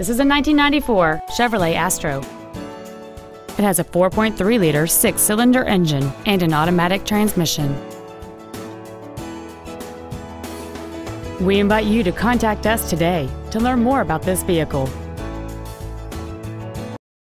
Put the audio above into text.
This is a 1994 Chevrolet Astro. It has a 4.3-liter six-cylinder engine and an automatic transmission. We invite you to contact us today to learn more about this vehicle.